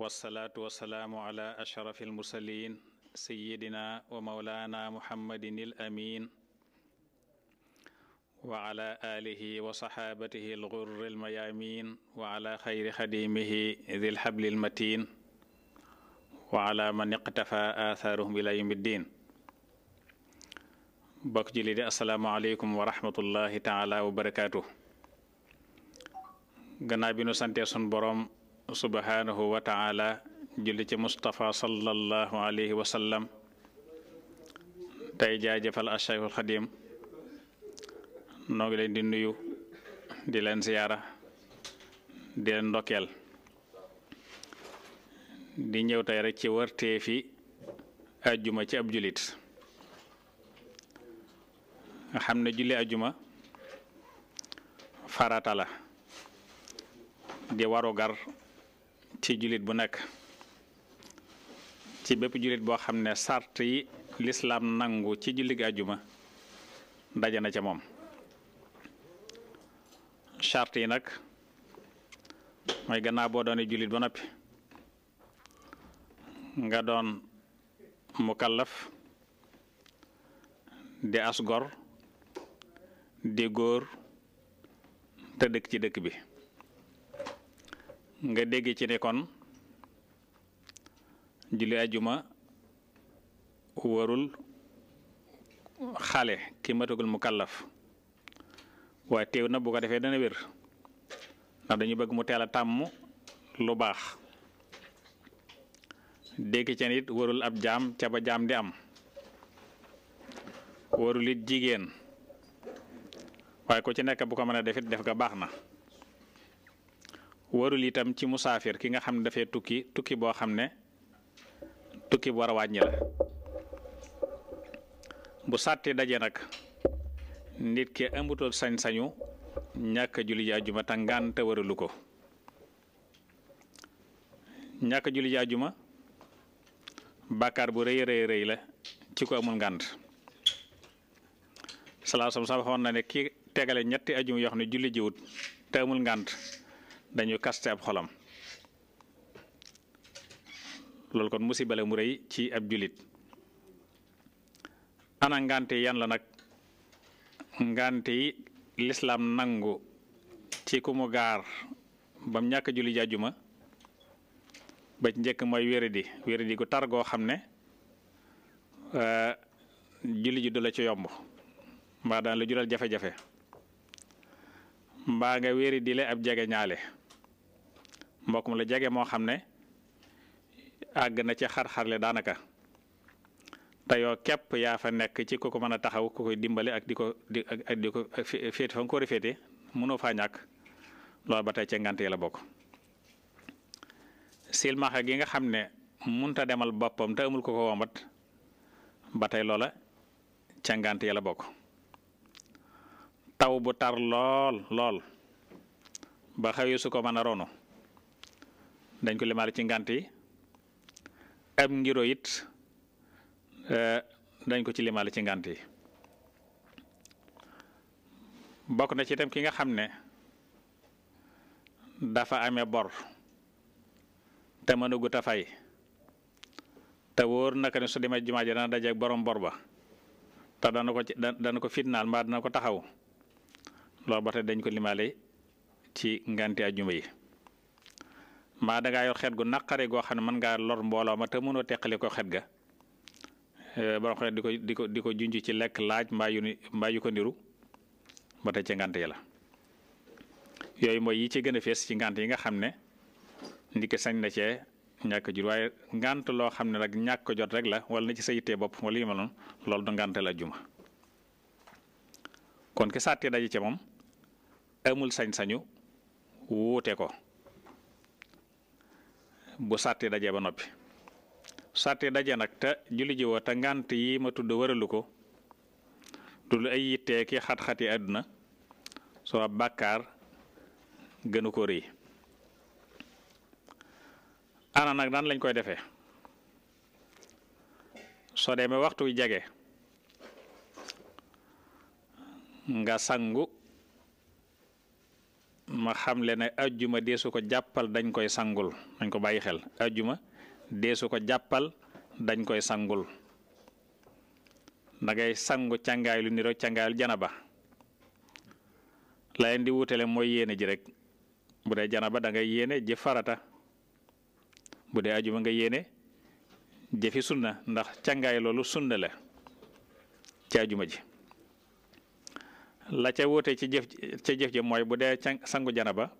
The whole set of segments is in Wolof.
wasalaatu wasalaamu ala ashraf almursalin sayidina wa maulana muhammadin il amin wa ala alihi wa saxaabatihi algurri almayamin wa ala xayri xadimihi dil xabli almatin wa ala man iqtafa aatharuhum ila yawmi ddin bokk julli di asalaamu aleykum wa rahmatullahi taala wa barakaatu gannaaw bi nu santee sun borom subhanahu wa taala ci Moustapha sallallahu alayhi wa sallam tey jaajëfal Cheikhul Xadim leen di nuyu di leen ziyaara di leen ndokkeel di ñëw tey rek ci wërteefi ajjuma ci ab jullit nga xam ne julli ajjuma farata la di warugar ci jullit bu nekk ci bépp jullit boo xam ne sart yi lislaam nangu ci jullig àjjuma daje na ca moom sart yi nag mooy gannaaw boo doonee jullit ba noppi nga doon mukallaf di asgor di góor te dëkk ci dëkk bi nga dégg ci ne kon julli ajuma warul xale ki matagul mu kallaf waaye teew na bu ko defee dana wér ndax dañu bëgg mu teel a tàmm lu baax dégg ci nit warul ab jaam ca ba jaam di am warul it jigéen waaye ku ci nekk bu ko mën a defit def nga baax na warul itam ci musaafir ki nga xam ne dafay tukki tukki boo xam ne tukki bu war a wàññi la bu sàtti daje nag nit ki amutoon sañ-sañu ñàkk julli ji àjjuma te waralu ko ñàkk julli ji àjjuma bàkkaar bu rëy rëy la ci ko amul ngànt salaasam sax na ne ki tegale ñetti àjjuma yoo xam ne julli jiwut te amul ngànt dañu kaste ab xolam loolu kon musiba la mu rëy ci ab julit ana ngante yan la nag ngante yi lislaam nangu ci ku mu gaar bam ñàkk julli jàjjuma ba njëkk mooy wéradi wéradi gu tar goo xam ne euh, julli ji du la ci yomb mbaa daan la jural jafe-jafe mbaa nga wéradi le ab jege ñaale mbokk mu la jege moo xam ne àgg na ci xar-xarle daanaka te yoo képp yaa fa nekk ci ku ko mën a taxaw ku koy dimbale ak diko ko di ak di ko féete fa nga ko féete mënoo faa ñàkk loolu ba tey ca ngant yi la bokk silmaxa gi nga xam ne munta demal boppam te ko ko ba tey loola ca la bokk taw bu tar lool lool ba xëyu su ko mën a dañ ko limaale ci ngant yi ab ngiro it e, dañ ko ci limaale ci ngant bokk na ci itam ki nga xam ne dafa amee bor te mënugut a fay te wóor naka ne su demee jumaa ji dana dajeeg borom bor ba te dana ko ci dana ko fitnaal mbaa dana ko taxaw loolu ba dañ ko limaale ci nganti ajuma yi maa dangaa yor xet gu naqare goo xam ne mën ngaa lor mboolooma ma te mënoo teqali ko xet ga eh, borom di ko di ko di ko junj ci lekk laaj mbaa yu ni mbaa ko niru ba tey ci ngant yi la yooyu mooy yi ci gën a fees ci ngant yi nga xam ne ndiki sañ na cee ñàkk jur waaye ngant loo xam ne rek ñàkk ko jot rek la wala na ci sa yittee bopp wala yu ma noonu loolu du ngant la juma kon ki sàttee daje ci moom amul sañ-sañu wuute ko bu sàtti daje ba noppi sàtti daje nag te julli ji woo yi ma tudd waralu ko dul ay yittee ki xat-xati àdduna soo bàkkaar gënu ko rëy ana nag nan lañ koy defee soo demee waxtu jege nga sangu ma xamle ne ajjuma deesu ko jàppal dañ koy sangul dañ ko bàyyi xel ajjuma deesu ko jàppal dañ koy sangul da ngay sangu càngaay lu niroo càngaayul janaba la leen di wutale mooy yéene ji rek bu dee janaba da ngay yéene jëf farata bu dee ajuma nga yéene jëfi sunna ndax càngaay loolu sunna la ci ajuma ji la ca wuute ci jëf ca jëf ji mooy bu dee sangu ba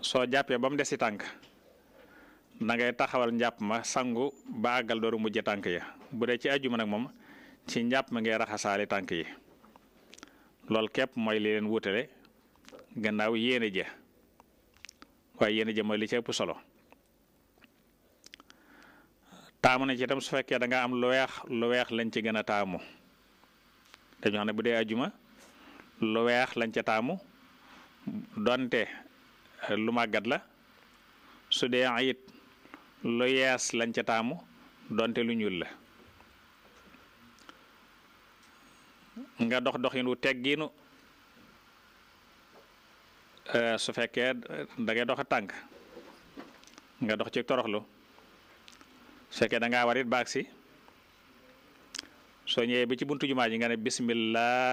soo jàppee ba mu des si tànk da ngay taxawal njàpp ma sangu ba àggal dooru mujj tànk ya bu dee ci ajjuma nag moom ci njàpp ma ngay raxasaale tànk yi loolu képp mooy li leen wuutale gannaaw yéene ja waaye yéene ja mooy li ci ëpp solo taamu na ci itam su fekkee da nga am lu weex lu weex lañ ci gën a taamu te ñu na bu dee ajuma lu weex lañ ca taamu donte eh, lu màggat la su dee it lu yees lañ ca taamu donte lu ñuul la nga dox doxin wu teggiinu eh, su fekkee dangay ngay dox a tànk nga dox ci toroxlu su fekkee da ngaa war it si soo ñëwee ba ci buntu jumaa ji nga ne bismillah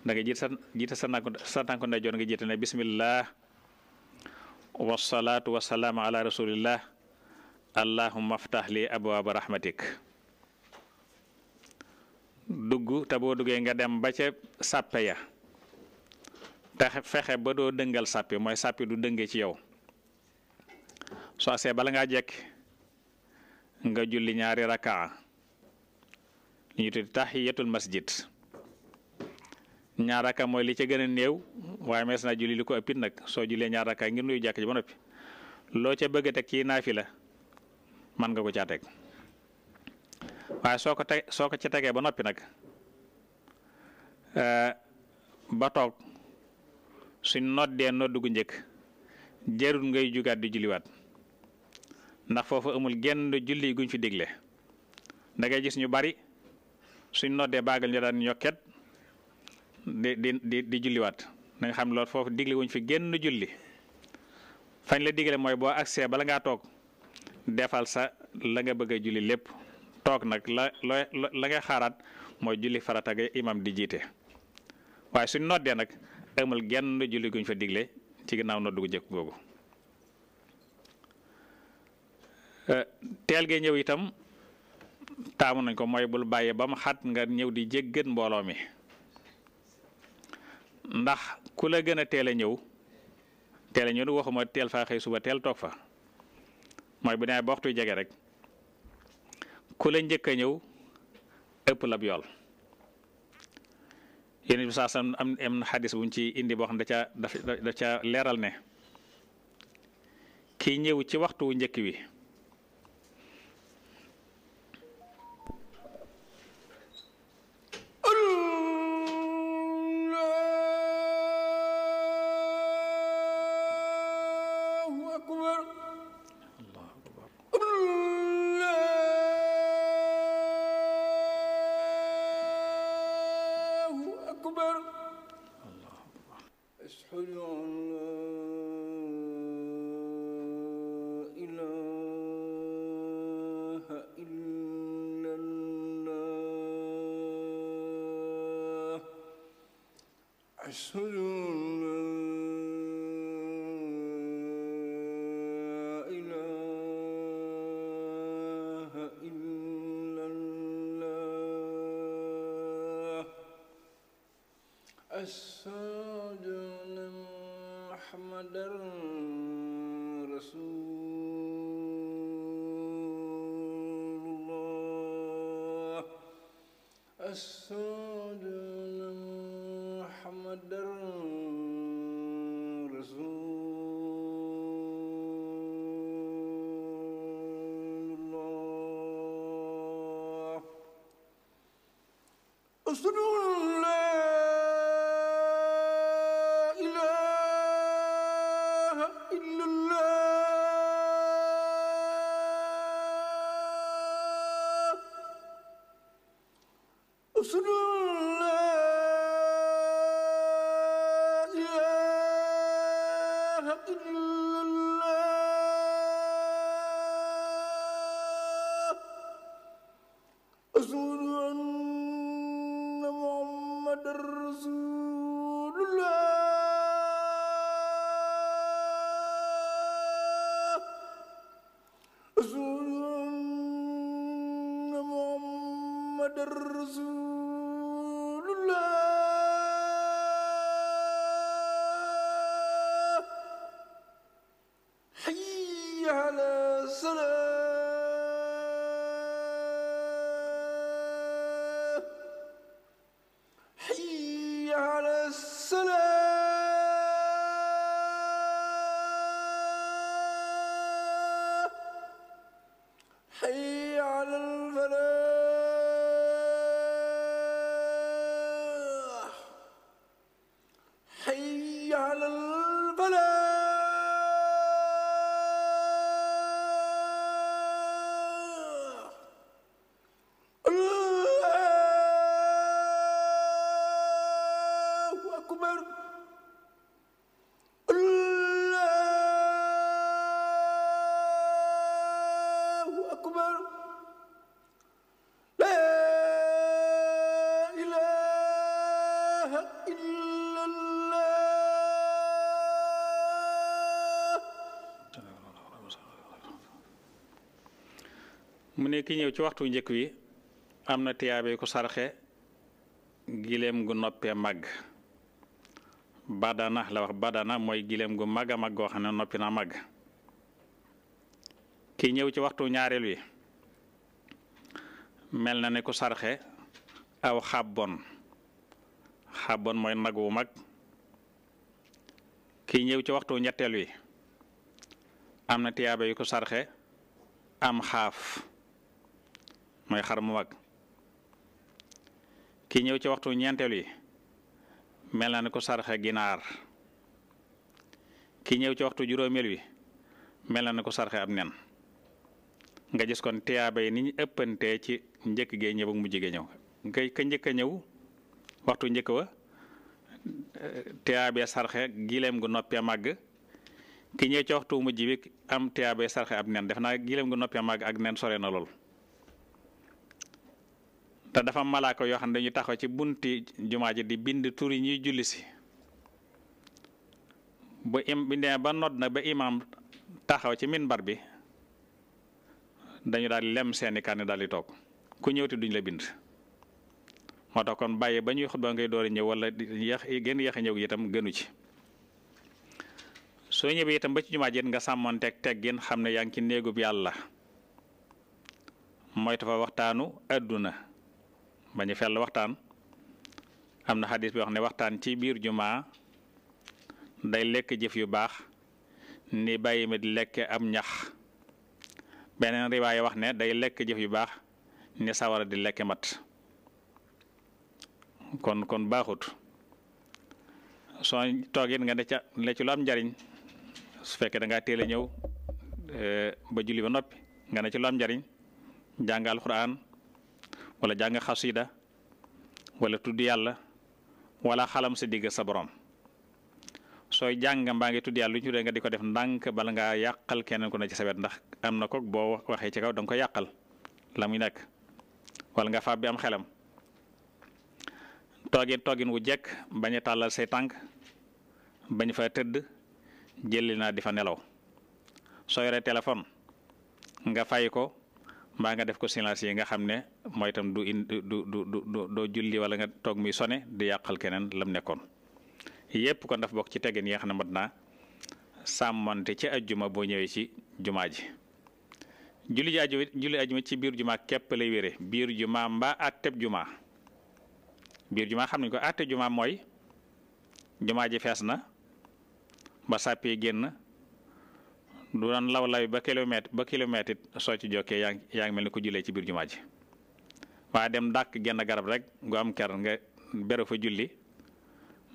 da nga jiit sa jiite sa tànku sa tànku ndeyjoor nga jiite ne bismillah wasalaatu wasalaamu ala rasulillah allahumma aftah li abwaaba rahmatik dugg te boo duggee nga dem ba ca sàppe ya te fexe ba doo dëngal sàppi mooy sàppi du dënge ci yow soo asee bala ngaa jekk nga julli ñaari rakaa li ñuy tudd tahiyatul masjid ñaar rakka mooy li ca gën a néew waaye mees naa julli li ko ëppit nag soo jullee ñaar rakka ngir nuyu jàkk ji ba noppi loo ca bëgg a teg ci naafila mën nga ko caa teg waaye soo ko teg soo ko ca tegee ba noppi nag eh, ba toog suñ noddee nodd gu njëkk jarul ngay jugaat di julliwaat ndax foofu amul genn julli guñ fi digle da ngay ñu bari. suñ noddee baagal ñu daan yokket di di di julliwaat na xam loolu foofu digle wuñ fi genn julli fañ la digale mooy boo agsee bala ngaa toog defal sa la nga bëgg a julli lépp toog nag la la xaaraat mooy julli farata ga imam di jiite waaye suñ noddee nag amul genn julli guñ fa digle ci ginnaaw noddu gu njëkk googu eh, teel gee ñëw itam taamu nañ ko mooy bul bàyyi ba mu xat nga ñëw di jéggat mbooloo mi ndax ku la gën a teel a ñëw teel a ñëw waxuma teel faa xëy suba teel toog fa mooy bu nee ba waxtu jege rek ku la njëkk a ñëw ëpp lab yool yéen bi saa sam am am xadis ci indi boo xam da ca ca leeral ne kii ñëw ci waxtu njëkk wi soon أبدا mu ne ki ñëw ci waxtu njëkk wi am na tiyaabe ku sarxe gileem gu màgg badana mooy gileem gu màgg a màgg goo màgg ki ñëw ci waxtu ñaareel mel na ne ku sarxe aw xàbbon xàbbon mooy nag wu mag ki ñëw ci waxtu ñetteel wi am na tiyaabe yu ko sarxe am xaaf mooy xar mu mag ki ñëw ci waxtu ñeenteel yi mel na ne ko sarxe ginaar ki ñëw ci waxtu juróomeel wi mel na ne ko sarxe ab nen nga gis kon tiyaaba yi ni ci njëkk gee ñëw ak ka njëkk a ñëw waxtu njëkk wa tiyaabee sarxe gileem gu noppee màgg ki ñëw ci waxtu mujj bi am tiyaabee sarxe ab nen def naa gileem gu noppee màgg ak nen sore na lool te dafa malaaka yoo xam ne dañuy taxaw ci bunti jumaa ji di bind tur yi ñuy julli si bu im bi ba nodd na ba imam taxaw ci minbar bi dañu daal lem seeni kànni daal di toog ku ñëwti duñ la bind moo tax kon bàyyi ba ñuy xutba ngay door ñëw wala yéex gën yéex a ñëw itam gënu ci soo ñëwee itam ba ci jumaa ji nga sàmmanteeg teggin xam ne yaa ngi ci néegub yàlla mooy tafa waxtaanu adduna ba ñu fell waxtaan am na xadis bi wax ne waxtaan ci biir jumaa day lekk jëf yu baax ni bàyyi ma di lekk am ñax beneen riwaay wax ne day lekk jëf yu baax ni sawara di lekk mat kon kon baaxut soo toogit nga ne ca ne ci lu am njariñ su fekkee da ngaa teel a ñëw eh, ba julli ba noppi nga ne ci lu am njariñ jàngal Alxuraan wala jàng xasida wala tudd yàlla wala xalam sa digg sa boroom sooy jàng mbaa ngi tudd yàlla lu ñu tuddee nga di ko def ndànk bala ngaa yàqal keneen ko ne ci sa ndax am na ko boo waxee ci kaw danga ko yàqal la muy nekk wala nga faab bi am xelam toogin toogin wu jekk bañ a tàllal say tànk bañ fa tëdd jëli naa di fa nelaw soo yoree téléphone nga fay ko mbaa nga def ko silence yi nga xam ne mooy itam du in du du du julli wala nga toog muy sone du yàqal keneen lam nekkoon yépp kon daf bokk ci teggin yi nga xam ne mat naa sàmmante ci ajjuma boo ñëwee ci jumaa ji julli ji ajuma julli ci biir jumaa képp lay wére biir juma mbaa àtteb jumaa biir jumaa xam nañ ko àtteb jumaa mooy jumaa ji fees na ba sàppee génn du doon law law ba kilomètre ba kilomètre it soo ci jokkee yaa ngi ngi mel ni ko jullee ci biir jumaa ji waaye dem dàq genn garab rek gu am ker nga bere fa julli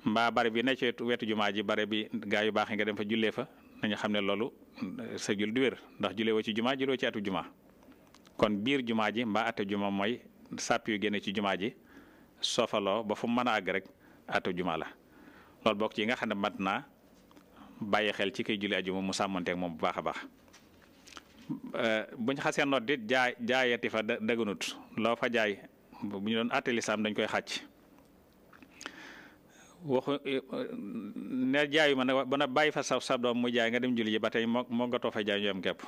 mbaa bare bi ne ci wetu jumaa ji bare bi gaa yu baax nga dem fa julee fa nañu xam ne loolu sa jul du wér ndax jullee woo ci jumaa julloo ci atu kon biir jumaa ji mbaa atu jumaa mooy sàpp yu génne ci jumaa ji soofaloo ba fu mën a àgg rek atu juma la loolu bokk ci nga xam ne mat naa bàyyi xel ci kay julli ajuma mu sàmmanteeg moom bu baax a baax euh, buñ xasee nodd it jaay jaayati fa dëgganut loo fa jaay bu ñu doon àtte lislaam dañ koy xàcc waxu euh, euh, ne jaayu ma nag ba na bàyyi fa sa sa doom mu jaay nga dem julli ba tey moo moo nga fa jaay ñu am képp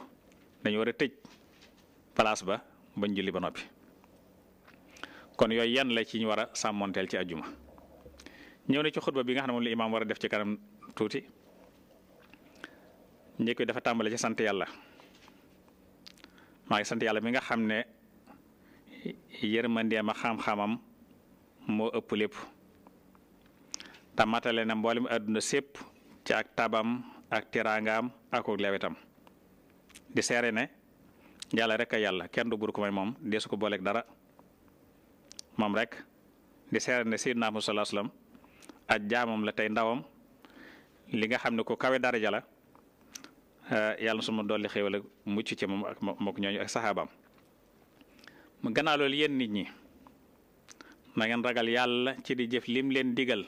dañu war a tëj place ba bañ julli ba noppi kon yooyu yan la ci ñu war a sàmmonteel ci ajjuma ñëw na ci xutba bi nga xam ne moom la imaam war a def ci kanam tuuti njëkk dafa tàmbale ci sant yàlla maa ngi sant yàlla mi nga xam ne yërmandeem a xam-xamam moo ëpp lépp te na mboolem àdduna sépp ci ak tabam ak teraangaam ak ak lewetam di seere ne yàlla rek a yàlla kenn du bur ko may moom deesu ko booleeg dara moom rek di seere ne Sayyidina Muhammad sallallahu alayhi wasallam ak jaamam la tey ndawam li nga xam ne ku kawe daraja la Eh, yàlla na suma dolli xéewal mucc ci moom ak mook ñooñu ak saxaabaam mu ganaalool loolu yéen nit ñi na ngeen ragal yàlla ci di jëf lim leen diggal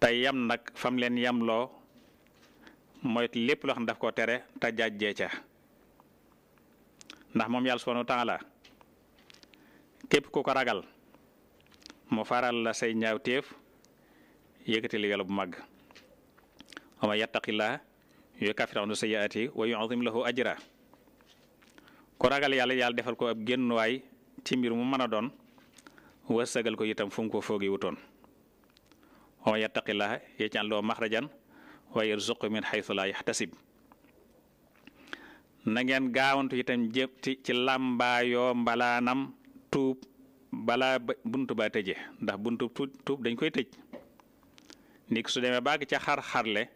te yam nag fam leen yamloo moytu lépp loo xam daf koo tere te jàjjee ca ndax moom yàlla subhanahu wa taala képp ku ko ragal moo faral la say ñaawteef yëkkati li yàlla bu màgg wa man yukaffir anhu sayyi'aati wa yu'zim lahu ajra ku ragal yàlla yàlla defal ko ab génnuwaay ci mbir mu mën a doon wërsëgal ko itam fu mu ko foogee wutoon wa man yattaqillaha yaj'al lahu maxrajan wa yarzuqhu min haythu laa yahtasib na ngeen gaawantu itam jëpp ci lambayo làmbaayoo mbalaanam tuub balaa buntu ba ndax buntu tuub dañ koy tëj ni su demee baag ca xar-xarle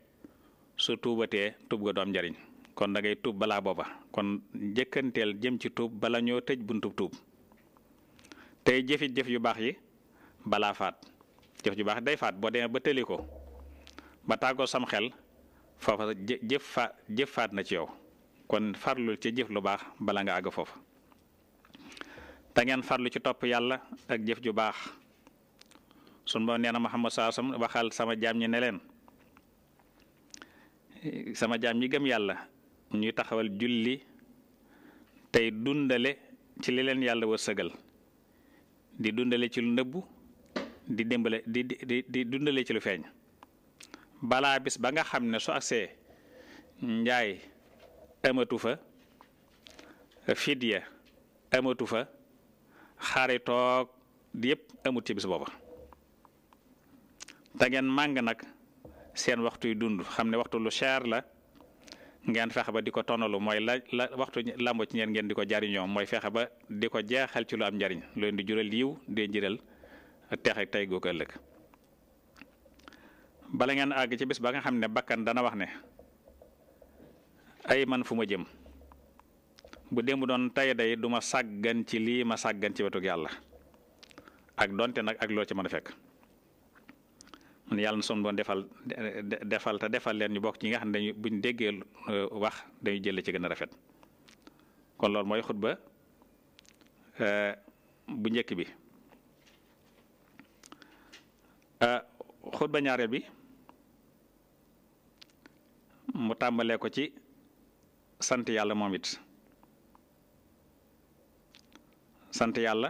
su tuubatee tuub ga du am njariñ kon da ngay tuub balaa booba kon njëkkanteel jëm ci tuub bala ñoo tëj buntu tuub tey jëfit jëf yu baax yi balaa faat jëf ju baax day faat boo demee ba tëli ko ba tàggoo sam xel foofa jëf faat jëf faat na ci yow kon farlu ci jëf lu baax bala nga àgg foofu dangeen ngeen farlu ci topp yàlla ak jëf ju baax sun boo nee na Muhammad saa sam waxal sama jaam ñi ne leen sama jaam ñi gëm yàlla ñuy taxawal julli tey dundale ci li leen yàlla sëgal di dundale ci lu nëbbu di dimbale di di dundale ci lu feeñ balaa bis ba nga xam ne su agsee njaay amatu fa fidya amatu fa xaritoog yépp amut ci bis booba te màng nag seen waxtuy dund xam ne waxtu lu cher la ngeen fexe ba di ko tonalu mooy la la waxtu làmbo ci ñeen ngeen di ko jariñoo mooy fexe ba di ko jeexal ci lu am njariñ lu leen di jural yiw de jiral teex ak tey googu ëllëg bala ngeen àgg ci bis ba nga xam ne bakkan dana wax ne ay man fu ma jëm bu démb doon tey day du ma sàggan ci lii ma sàggan ci wetu yàlla ak donte nag ak loo ci mën a fekk yàlla na son boo defal defal te defal leen ñu bokk ci nga xam ne dañu buñ déggee euh, wax dañu jële ci gën a rafet kon loolu mooy xutba euh, bu njëkk bi euh, xutba ñaareel bi mu tàmbalee ko ci sant yàlla moom it sant yàlla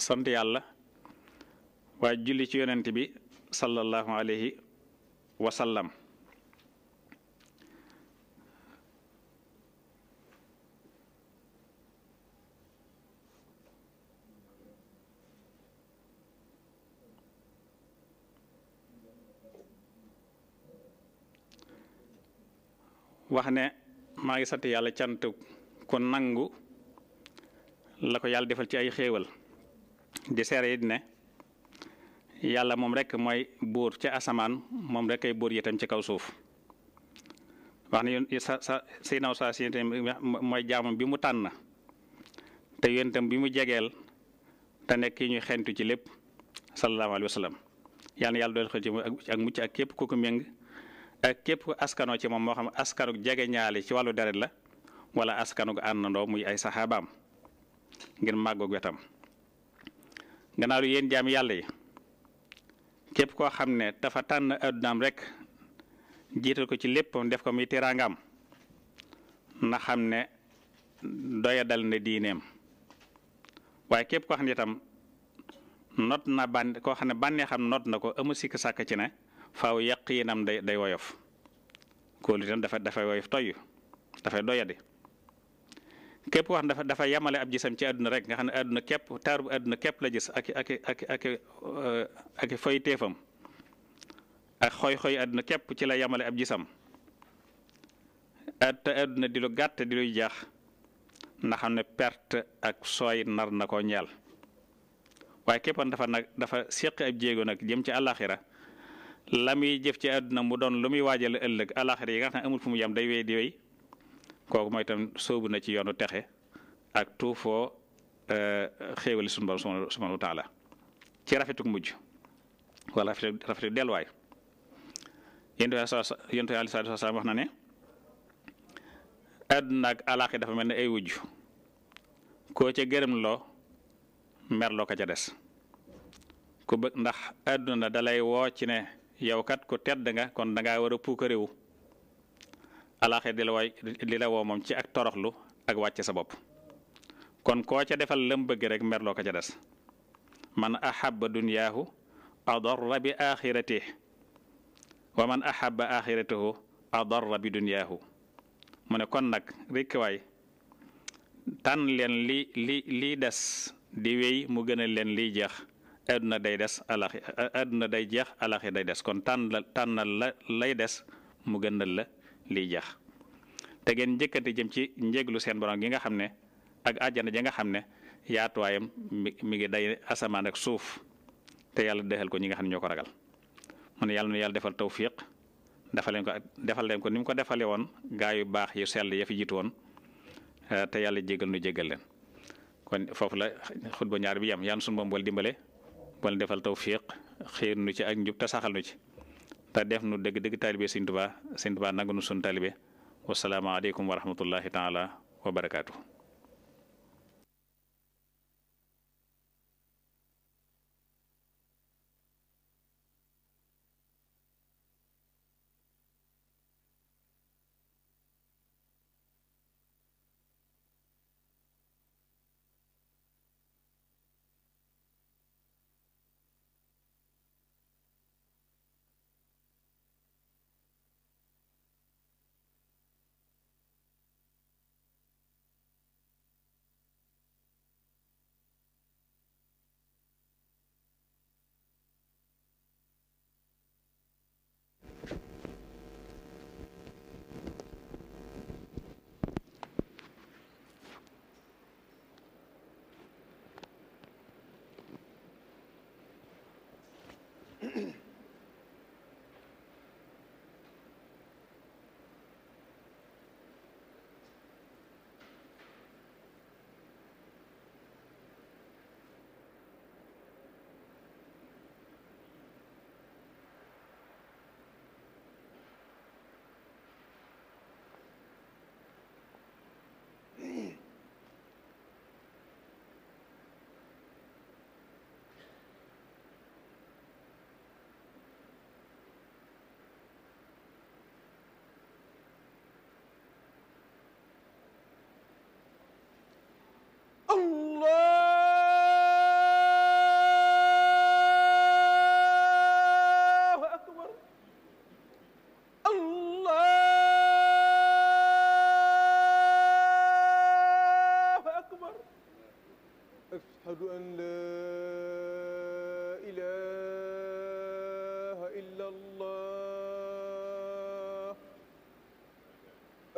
sant yàlla waa julli ci yonent bi sallallahu alayhi wa sallam wax ne maa ngi sant yàlla cant ku nangu la ko yàlla defal ci ay xéewal di seere yi ne yàlla moom rek mooy buur ci asamaan moom rek ay buur yitam ci kaw suuf wax ne yéen sa sa Seydina Oustaz Sy mooy jaamam bi mu tànn te yéen tam bi mu jegeel te nekk yi ñuy xentu ci lépp sallallahu alayhi wa sallam yal yàlla dool xel ci ak mucc ak képp ku ko méng ak képp ku askanoo ci moom moo xam askanug jege ñaali ci wàllu deret la wala askanug àndandoo muy ay saxaabaam ngir màggoog wetam. gannaaw li yéen jaam yàlla yi képp koo xam ne dafa tànn addunaam rekk jiital ko ci lépp def ko muy teraangaam na xam ne doyadal dal na diineem waaye képp koo xam ne itam not na ban koo xam ne banneexam noot na ko amu sikk sàkk ci ne faaw yaqiinam day day woyof kóolu itam dafa dafay woyof toyy dafay doyadi képp wax xam dafa dafa yamale ab gisam ci àdduna rek nga xam ne àdduna képp taar bu àdduna képp la gis ak ak ak ak uh, ak foy teefam ak xoy-xoy àdduna képp ci la yamale ab jisam at te àdduna di lu gàtt di luy jaax na xam perte ak sooy nar na ko ñeel waaye képp dafa nag dafa séq ab jéego nag jëm ci àllaaxira la muy jëf ci àdduna mu doon lu muy waajal ëllëg àllaaxira yi nga xam ne amul fu mu yam day wéy di wéy kooku mooy itam sóobu na ci yoonu texe ak tuufoo euh, xéewali sunu borom subhanahu wa taala ci rafetuk mujj wala rafetuk delluwaay yentu yentu aleyhi salaatu wa salaam wax na ne àdduna ak alaaxi dafa mel ne ay wujj koo ca gërëm loo merloo ko ca des ku bëgg ndax àdduna dalay woo ci ne yow kat ku tedd nga kon dangaa war a puukarewu alaaxir di la la woo moom ci ak toroxlu ak wàcce sa bopp kon koo ca defal lam bëgg rek merloo ko ca des man axaba dunyaahu adarra bi axiratihi wa man axaba axiratahu adarra bi dunyaahu mu ne kon nag rekk waay tànn leen li li lii des di wey mu gën leen li jeex àdduna day des alaxi àdduna day jeex alaxi day des kon tànn la tànnal la lay des mu gënal la liy jeex te ngeen njëkkante jëm ci njéglu seen borom gi nga xam ne ak àjjana ji nga xam ne yaatuwaayam mi mi ngi day asamaan ak suuf te yàlla dexal ko ñi nga xam ne ñoo ko ragal mu ne yàlla na yàlla defal tawfiq defal leen ko defal leen ko ni mu ko defalee woon gaa yu baax yu sell ya fi jiitu woon eh, te yàlla jégal nu jégal leen kon foofu la xutba ñaar bi yam yan sunu moom dimbale bool defal tawfiq xiir nu ci ak njub te saxal nu ci te def nu dëgg dëgg taalibe Sëñ Tuubaa Sëñ Tuubaa nangu nu sunu taalibe wasalaamaaleykum wa rahmatullahi taala wa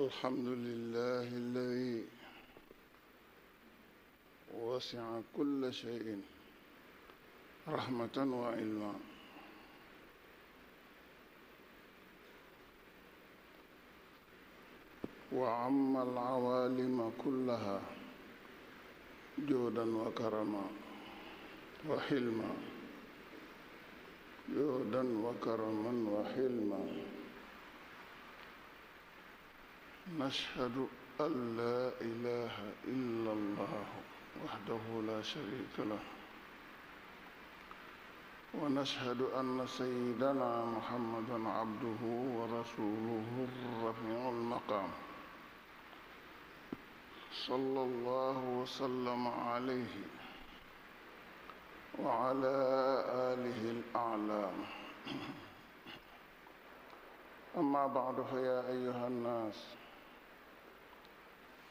الحمد لله الذي وسع كل شيء رحمة وعلما وعم العوالم كلها جودا وكرما وحلما جودا وكرما وحلما نشهد أن لا إله إلا الله وحده لا شريك له ونشهد أن سيدنا محمدا عبده ورسوله الرفيع المقام صلى الله وسلم عليه وعلى آله الأعلى أما بعد فيا أيها الناس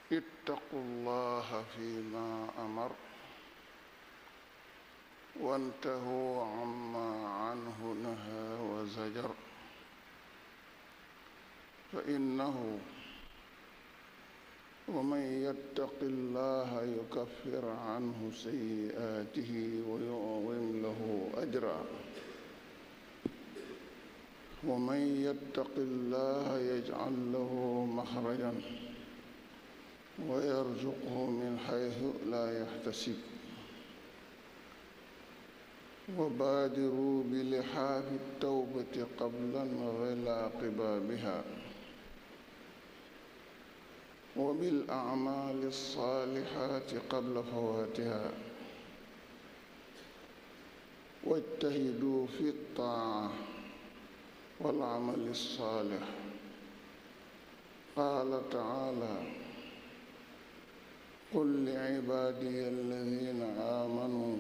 ittaqu llaha fima amar wantahu amma anhu naha wa zajar fa innahu wa man yattaqi llaha yukaffir anhu sayyi'atihi wa yu'zim lahu ajra wa man yattaqi llaha yaj'al lahu maxrajan wa yarzuqhu min xaytu laa yaxtasib wa baadiru bi lixaafi tawbati qabla xilaaqi baabiha wa bil acmaali saalixaati qabla fawaatiha wajtahiduu fi taaca wal camali saalix qaala tacaalaa قل لعبادي الذين آمنوا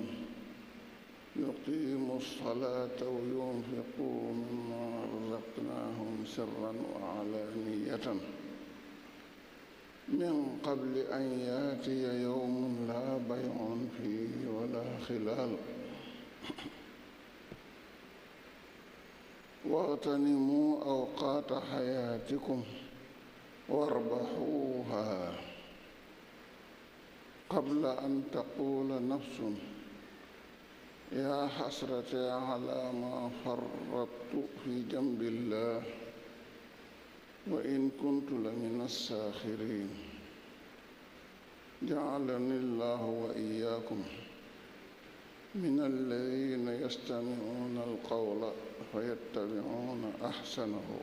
يقيموا الصلاة وينفقوا مما رزقناهم سرا وعلانية من قبل أن يأتي يوم لا بيع فيه ولا خلال واغتنموا أوقات حياتكم واربحوها قبل أن تقول نفس يا حسرتي على ما فرطت في جنب الله وإن كنت لمن الساخرين جعلني الله وإياكم من الذين يستمعون القول فيتبعون أحسنه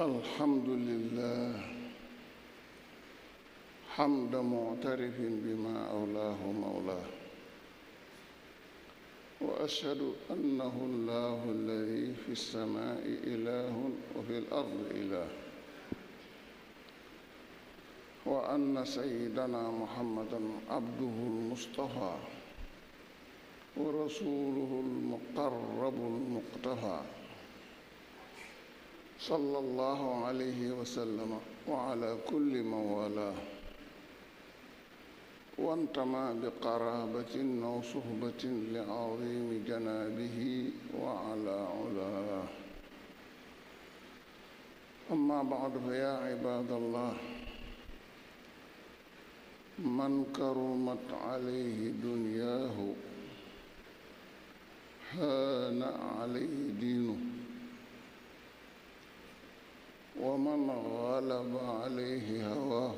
الحمد لله حمد معترف بما أولاه مولاه وأشهد أنه الله الذي في السماء إله وفي الأرض إله وأن سيدنا محمدا عبده المصطفى ورسوله المقرب المقتفى صلى الله عليه وسلم وعلى كل من والاه وانتمى بقرابة أو صحبة لعظيم جنابه وعلى علاه أما بعد فيا عباد الله من كرمت عليه دنياه هان عليه دينه ومن غلب عليه هواه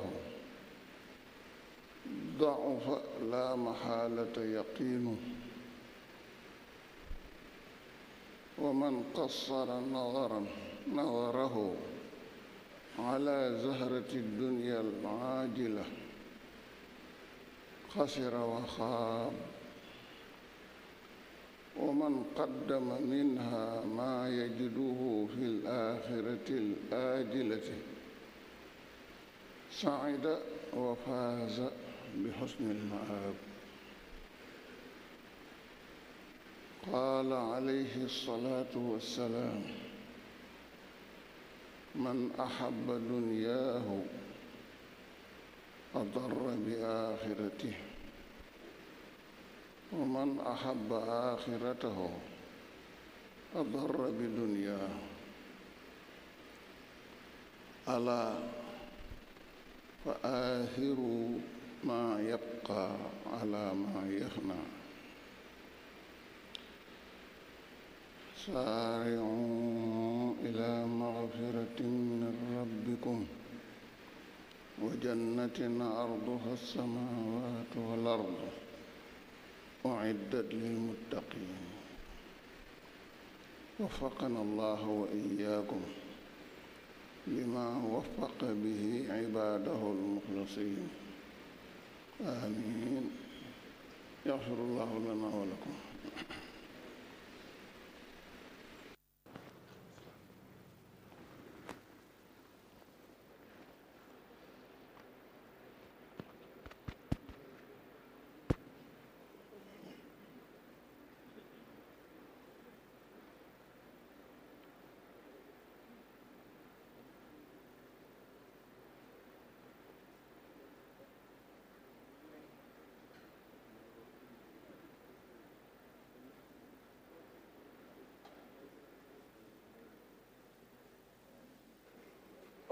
ضعف لا محالة يقينه ومن قصر نظرا نظره على زهرة الدنيا العاجلة خسر وخاب ومن قدم منها ما يجده في الآخرة الآجلة سعد وفاز بحسن المآب قال عليه الصلاة والسلام من أحب دنياه أضر بآخرته ومن أحب آخرته أضر بدنياه ألا فآخروا ما يبقى على ما يفنى سارعوا إلى مغفرة من ربكم وجنة عرضها السماوات والأرض uiddat lilmuttaqin wafaqana allahu wa iyaakum lima wafaqa bihi ibaadahu almuxlasiin amin yaxfiru llahu lana wa lakum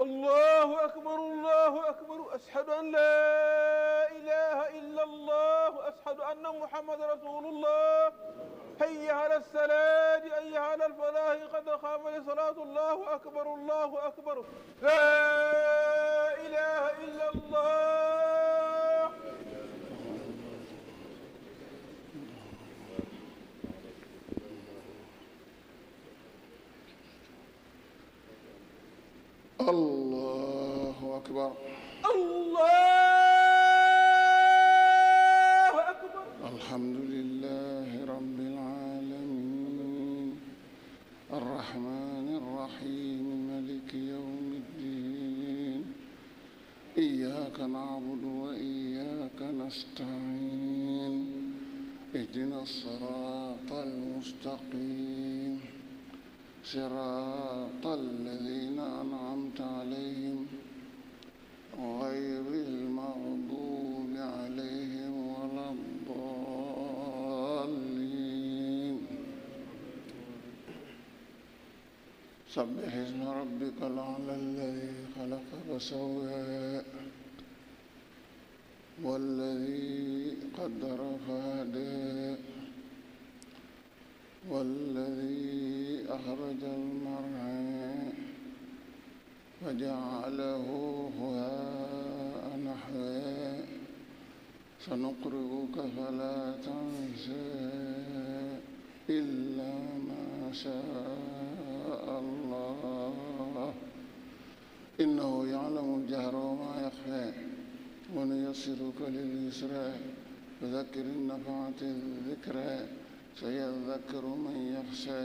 allahu akbar allahu akbar ashhadu an la ilaha illa allah ashhadu anna muhammadan rasulullah hayya ala salaati hayya ala alfalaahi qad qaamati salaatu allahu akbar allahu akbar akbar allahu akbar alhamdulillahi rabbil alamin arrahmani arrahim maliki yawmi ddin iyyaka na'budu wa iyyaka nasta'in اهدنا الصراط المستقيم صراط الذين أنعمت عليهم غير المغضوب عليهم ولا الضالين سبح اسم ربك الأعلى الذي خلق فسوى والذي قدر فهدى والذي أخرج المرعى فجعله هواء نحوه سنقرئك فلا تنسى إلا ما شاء الله إنه يعلم الجهر وما يخفى ونيسرك لليسرى فذكر النفعة الذكرى سيذكر من يخشى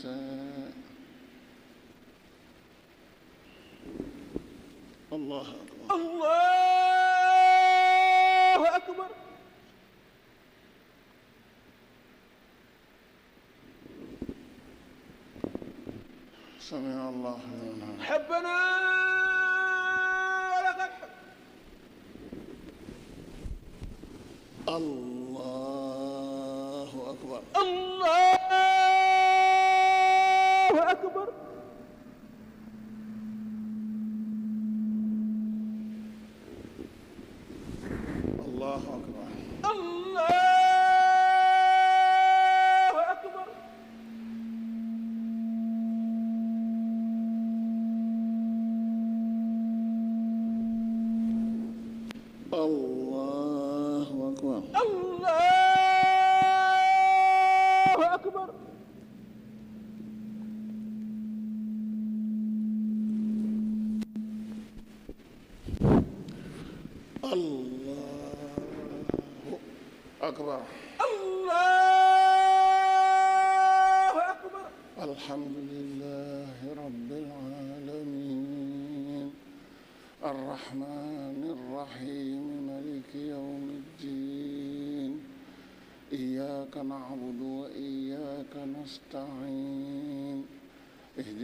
يشاء الله أكبر الله أكبر سمع الله لمن حبنا ولقد حب الله أكبر الله allahu akbar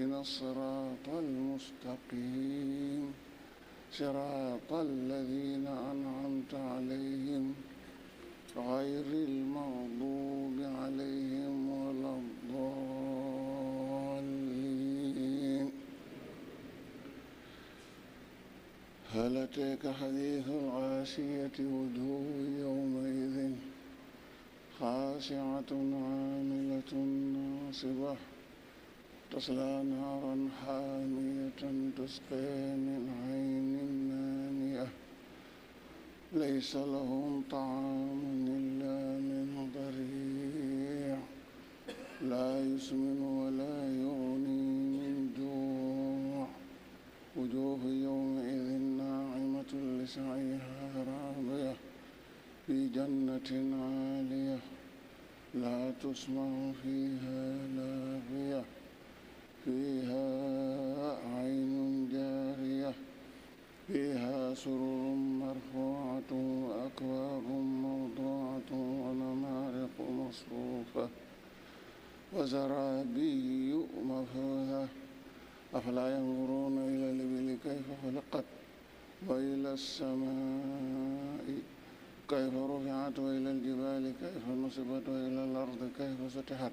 اهدنا الصراط المستقيم صراط الذين أنعمت عليهم غير المغضوب عليهم ولا الضالين هل أتيك حديث العاشية وجوه يومئذ خاشعة عاملة ناصبة تصلى نارا حامية تسقى من عين مانئة ليس لهم طعام إلا من ضريع لا يسمن ولا يغني من جوع وجوه يومئذ ناعمة لسعيها راضية في جنة عالية لا تسمع فيها لاغية فيها عين جارية فيها سرر مرفوعة وأكواب موضوعة ونمارق مصفوفة وزرابي مفروزة أفلا ينظرون إلى الإبل كيف خلقت وإلى السماء كيف رفعت وإلى الجبال كيف نصبت وإلى الأرض كيف سطحت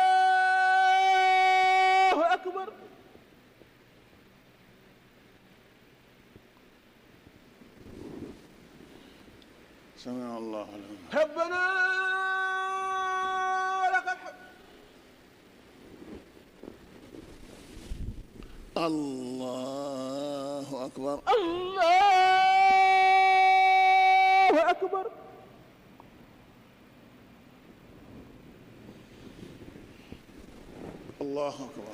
akbar سمع الله لهم ربنا لك الحمد الله أكبر الله أكبر الله أكبر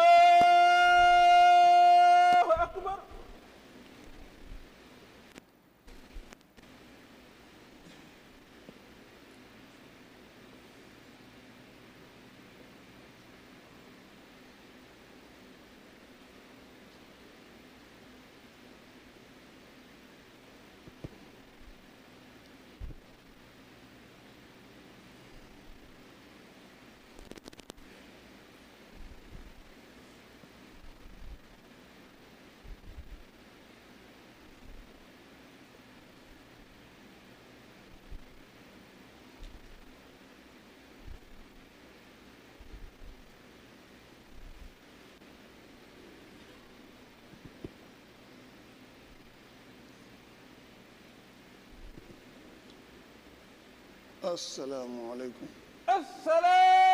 asalaamualeykum. asalaam.